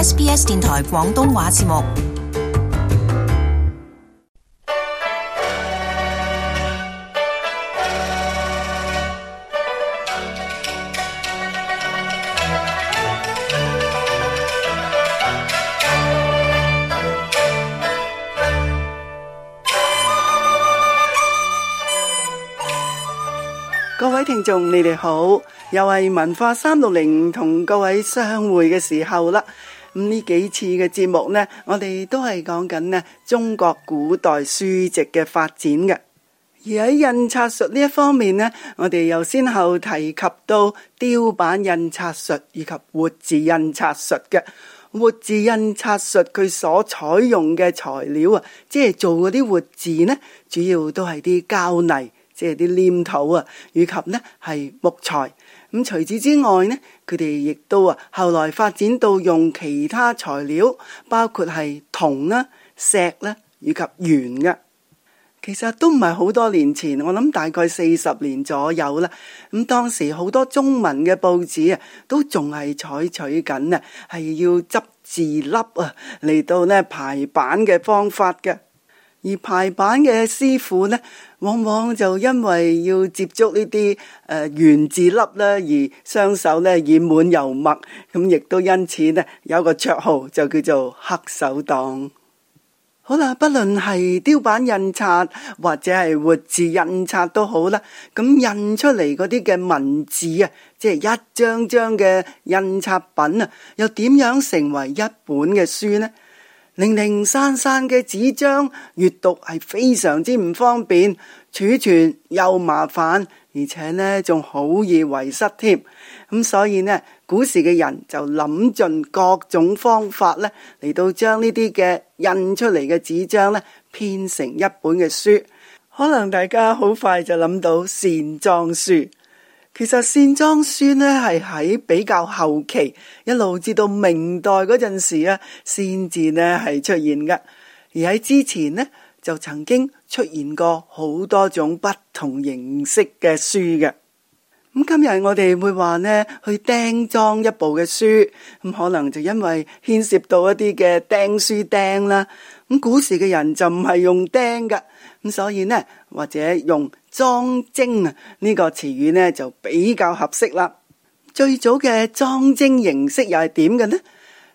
SBS 電台廣東話節目，各位聽眾，你哋好，又係文化三六零同各位相會嘅時候啦。咁呢幾次嘅節目呢，我哋都係講緊呢中國古代書籍嘅發展嘅，而喺印刷術呢一方面呢，我哋又先後提及到雕版印刷術以及活字印刷術嘅。活字印刷術佢所採用嘅材料啊，即係做嗰啲活字呢，主要都係啲膠泥，即係啲黏土啊，以及呢係木材。咁除此之外呢，佢哋亦都啊，後來發展到用其他材料，包括係銅啦、石啦以及鉛嘅。其實都唔係好多年前，我諗大概四十年左右啦。咁當時好多中文嘅報紙啊，都仲係採取緊啊，係要執字粒啊嚟到呢排版嘅方法嘅。而排版嘅師傅呢，往往就因為要接觸呢啲誒原字粒呢，而雙手呢染滿油墨，咁亦都因此呢，有個綽號就叫做黑手黨。好啦，不論係雕版印刷或者係活字印刷都好啦，咁印出嚟嗰啲嘅文字啊，即係一張張嘅印刷品啊，又點樣成為一本嘅書呢？零零散散嘅紙張閱讀係非常之唔方便，儲存又麻煩，而且呢仲好易遺失添。咁、嗯、所以呢，古時嘅人就諗盡各種方法呢嚟到將呢啲嘅印出嚟嘅紙張呢編成一本嘅書。可能大家好快就諗到線裝書。其實線裝書呢係喺比較後期，一路至到明代嗰陣時呢，先至呢係出現嘅。而喺之前呢，就曾經出現過好多種不同形式嘅書嘅。咁今日我哋會話呢，去釘裝一部嘅書，咁可能就因為牽涉到一啲嘅釘書釘啦。咁古時嘅人就唔係用釘㗎，咁所以呢，或者用。裝幀啊，呢、這個詞語呢，就比較合適啦。最早嘅裝幀形式又係點嘅呢？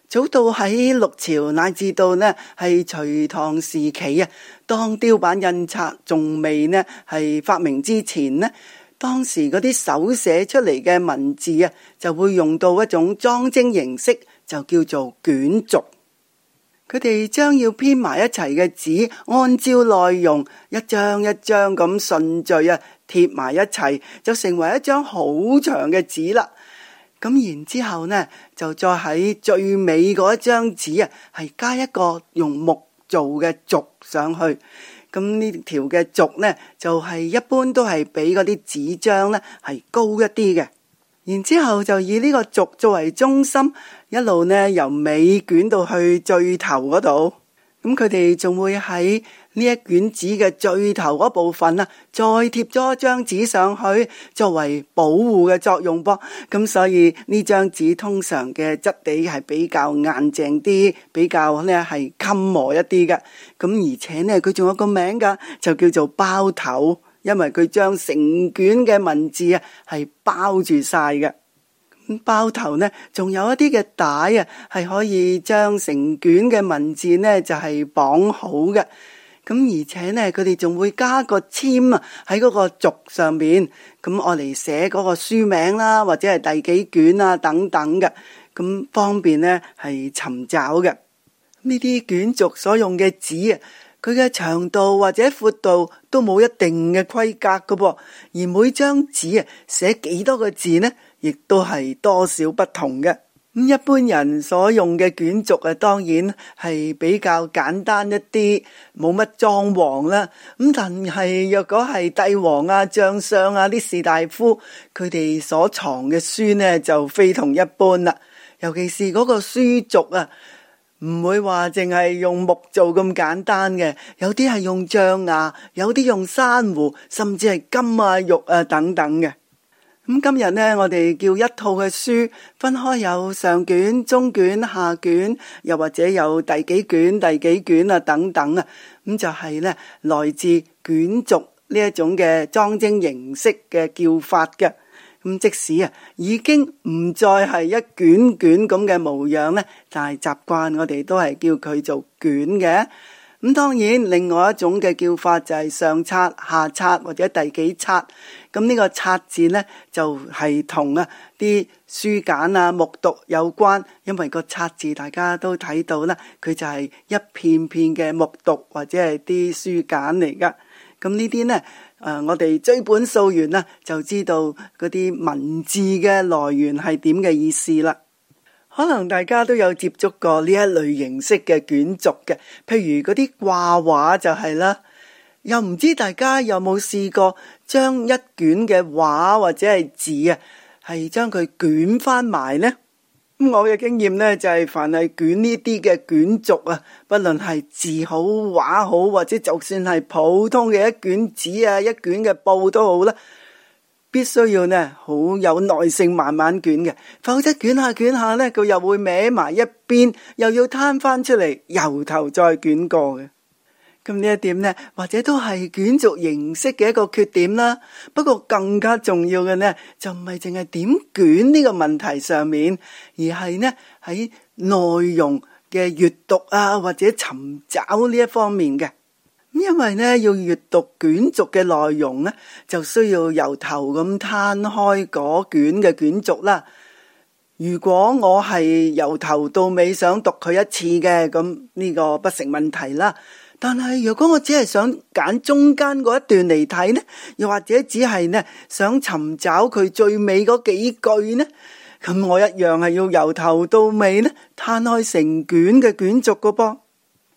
早到喺六朝乃至到呢，係隋唐時期啊，當雕版印刷仲未呢，係發明之前呢，當時嗰啲手寫出嚟嘅文字啊，就會用到一種裝幀形式，就叫做卷軸。佢哋將要編埋一齊嘅紙，按照內容一張一張咁順序啊貼埋一齊，就成為一張好長嘅紙啦。咁然之後呢，就再喺最尾嗰一張紙啊，係加一個用木做嘅軸上去。咁呢條嘅軸呢，就係一般都係比嗰啲紙張呢係高一啲嘅。然之後就以呢個軸作為中心，一路呢由尾捲到去最頭嗰度。咁佢哋仲會喺呢一卷紙嘅最頭嗰部分啊，再貼咗一張紙上去，作為保護嘅作用噃。咁、嗯、所以呢張紙通常嘅質地係比較硬淨啲，比較呢係襟磨一啲嘅。咁、嗯、而且呢，佢仲有個名㗎，就叫做包頭。因為佢將成卷嘅文字啊係包住晒嘅。包頭呢仲有一啲嘅帶啊係可以將成卷嘅文字呢就係、是、綁好嘅。咁而且呢，佢哋仲會加個簽啊喺嗰個軸上面。咁我嚟寫嗰個書名啦，或者係第幾卷啊等等嘅，咁方便呢係尋找嘅。呢啲卷軸所用嘅紙啊。佢嘅長度或者闊度都冇一定嘅規格噶噃，而每張紙啊寫幾多個字呢，亦都係多少不同嘅。咁一般人所用嘅卷軸啊，當然係比較簡單一啲，冇乜裝潢啦。咁但係若果係帝王啊、將相啊啲士大夫，佢哋所藏嘅書呢，就非同一般啦，尤其是嗰個書軸啊。唔會話淨係用木做咁簡單嘅，有啲係用象牙，有啲用珊瑚，甚至係金啊、玉啊等等嘅。咁、嗯、今日呢，我哋叫一套嘅書分開有上卷、中卷、下卷，又或者有第幾卷、第幾卷啊等等啊。咁、嗯、就係、是、呢來自卷軸呢一種嘅裝幀形式嘅叫法嘅。咁即使啊，已經唔再係一卷卷咁嘅模樣咧，但係習慣我哋都係叫佢做卷嘅。咁當然，另外一種嘅叫法就係上冊、下冊或者第幾冊。咁呢個冊字呢，就係同啊啲書簡啊、木牘有關，因為個冊字大家都睇到啦，佢就係一片片嘅木牘或者係啲書簡嚟噶。咁呢啲呢，誒、呃，我哋追本溯源啊，就知道嗰啲文字嘅來源係點嘅意思啦。可能大家都有接觸過呢一類形式嘅卷軸嘅，譬如嗰啲掛畫就係啦。又唔知大家有冇試過將一卷嘅畫或者係字啊，係將佢捲翻埋呢？我嘅經驗呢，就係凡係捲呢啲嘅卷軸啊，不論係字好、畫好，或者就算係普通嘅一卷紙啊、一卷嘅布都好啦，必須要呢，好有耐性慢慢捲嘅，否則捲下捲下呢，佢又會歪埋一邊，又要攤翻出嚟，由頭再捲過嘅。咁呢一點呢，或者都係卷軸形式嘅一個缺點啦。不過更加重要嘅呢，就唔係淨係點捲呢個問題上面，而係呢喺內容嘅閱讀啊或者尋找呢一方面嘅。因為呢，要閱讀卷軸嘅內容呢，就需要由頭咁攤開嗰卷嘅卷軸啦。如果我係由頭到尾想讀佢一次嘅，咁呢個不成問題啦。但係，如果我只係想揀中間嗰一段嚟睇呢，又或者只係呢想尋找佢最尾嗰幾句呢，咁我一樣係要由頭到尾呢攤開成卷嘅卷軸個噃，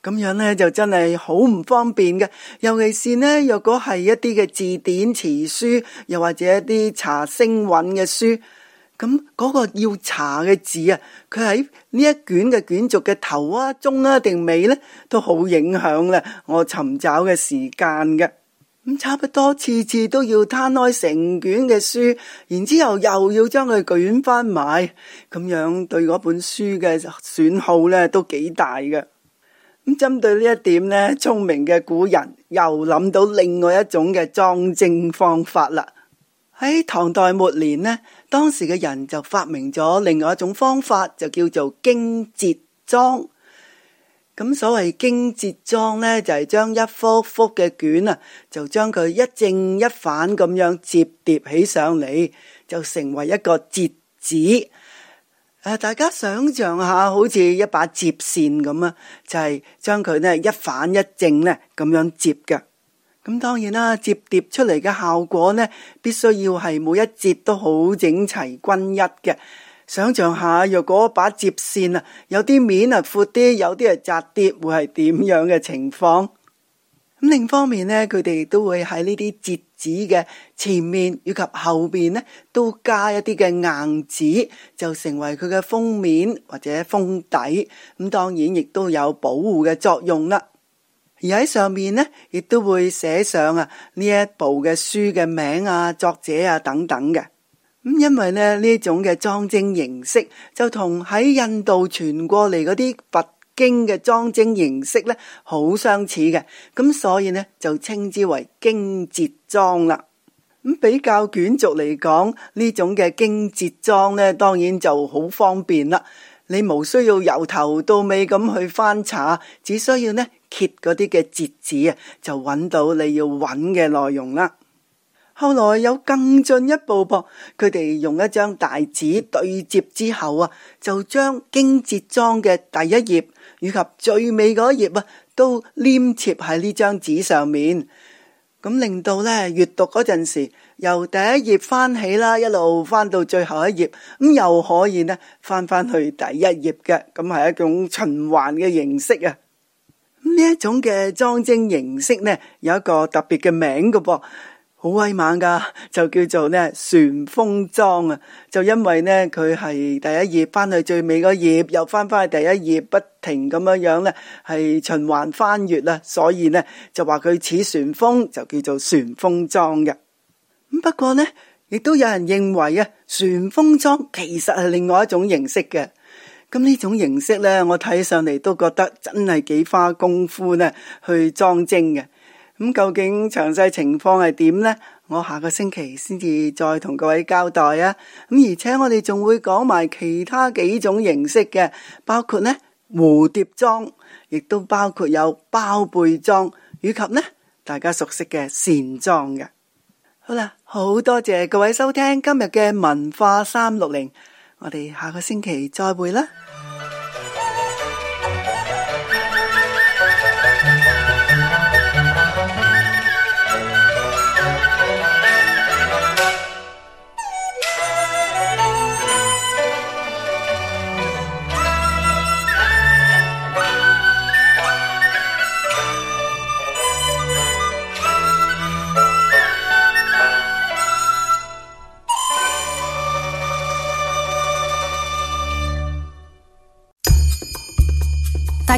咁樣呢就真係好唔方便嘅。尤其是呢，若果係一啲嘅字典詞書，又或者一啲查聲韻嘅書。咁嗰個要查嘅字啊，佢喺呢一卷嘅卷軸嘅頭啊、中啊定尾呢，都好影響咧我尋找嘅時間嘅。咁差不多次次都要攤開成卷嘅書，然之後又要將佢卷翻埋，咁樣對嗰本書嘅損耗呢，都幾大嘅。咁針對呢一點呢，聰明嘅古人又諗到另外一種嘅裝幀方法啦。喺唐代末年呢，當時嘅人就發明咗另外一種方法，就叫做經摺裝。咁所謂經摺裝呢，就係將一幅一幅嘅卷啊，就將佢一正一反咁樣摺疊起上嚟，就成為一個摺紙。誒，大家想象下，好似一把摺扇咁啊，就係、是、將佢呢一反一正呢咁樣摺嘅。咁當然啦，摺疊出嚟嘅效果呢，必須要係每一摺都好整齊均一嘅。想像下，若果把摺線啊，有啲面啊闊啲，有啲啊窄啲，會係點樣嘅情況？咁另一方面呢，佢哋都會喺呢啲摺紙嘅前面以及後面呢，都加一啲嘅硬紙，就成為佢嘅封面或者封底。咁當然亦都有保護嘅作用啦。而喺上面呢，亦都會寫上啊呢一部嘅書嘅名啊、作者啊等等嘅。咁因為呢呢種嘅裝幀形式就同喺印度傳過嚟嗰啲佛經嘅裝幀形式呢，好相似嘅，咁所以呢，就稱之為經節裝啦。咁比較卷軸嚟講，呢種嘅經節裝呢，當然就好方便啦。你無需要由頭到尾咁去翻查，只需要呢。揭嗰啲嘅折紙啊，就揾到你要揾嘅內容啦。後來有更進一步噃，佢哋用一張大紙對接之後啊，就將經折裝嘅第一頁以及最尾嗰一頁啊，都黏貼喺呢張紙上面。咁令到呢閱讀嗰陣時，由第一頁翻起啦，一路翻到最後一頁，咁又可以呢翻翻去第一頁嘅，咁係一種循環嘅形式啊。呢一種嘅裝幀形式呢，有一個特別嘅名噶噃、哦，好威猛噶，就叫做咧旋風裝啊！就因為呢，佢係第一頁翻去最尾嗰頁，又翻翻去第一頁，不停咁樣樣呢，係循環翻閱啦，所以呢，就話佢似旋風，就叫做旋風裝嘅。不過呢，亦都有人認為啊，旋風裝其實係另外一種形式嘅。咁呢種形式呢，我睇上嚟都覺得真係幾花功夫呢去裝幀嘅。咁究竟詳細情況係點呢？我下個星期先至再同各位交代啊。咁而且我哋仲會講埋其他幾種形式嘅，包括呢蝴蝶裝，亦都包括有包背裝，以及呢大家熟悉嘅線裝嘅。好啦，好多謝各位收聽今日嘅文化三六零。我哋下個星期再會啦。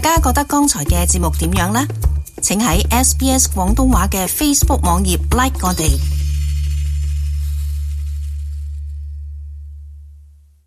大家覺得剛才嘅節目點樣呢？請喺 SBS 廣東話嘅 Facebook 網頁 like 我哋。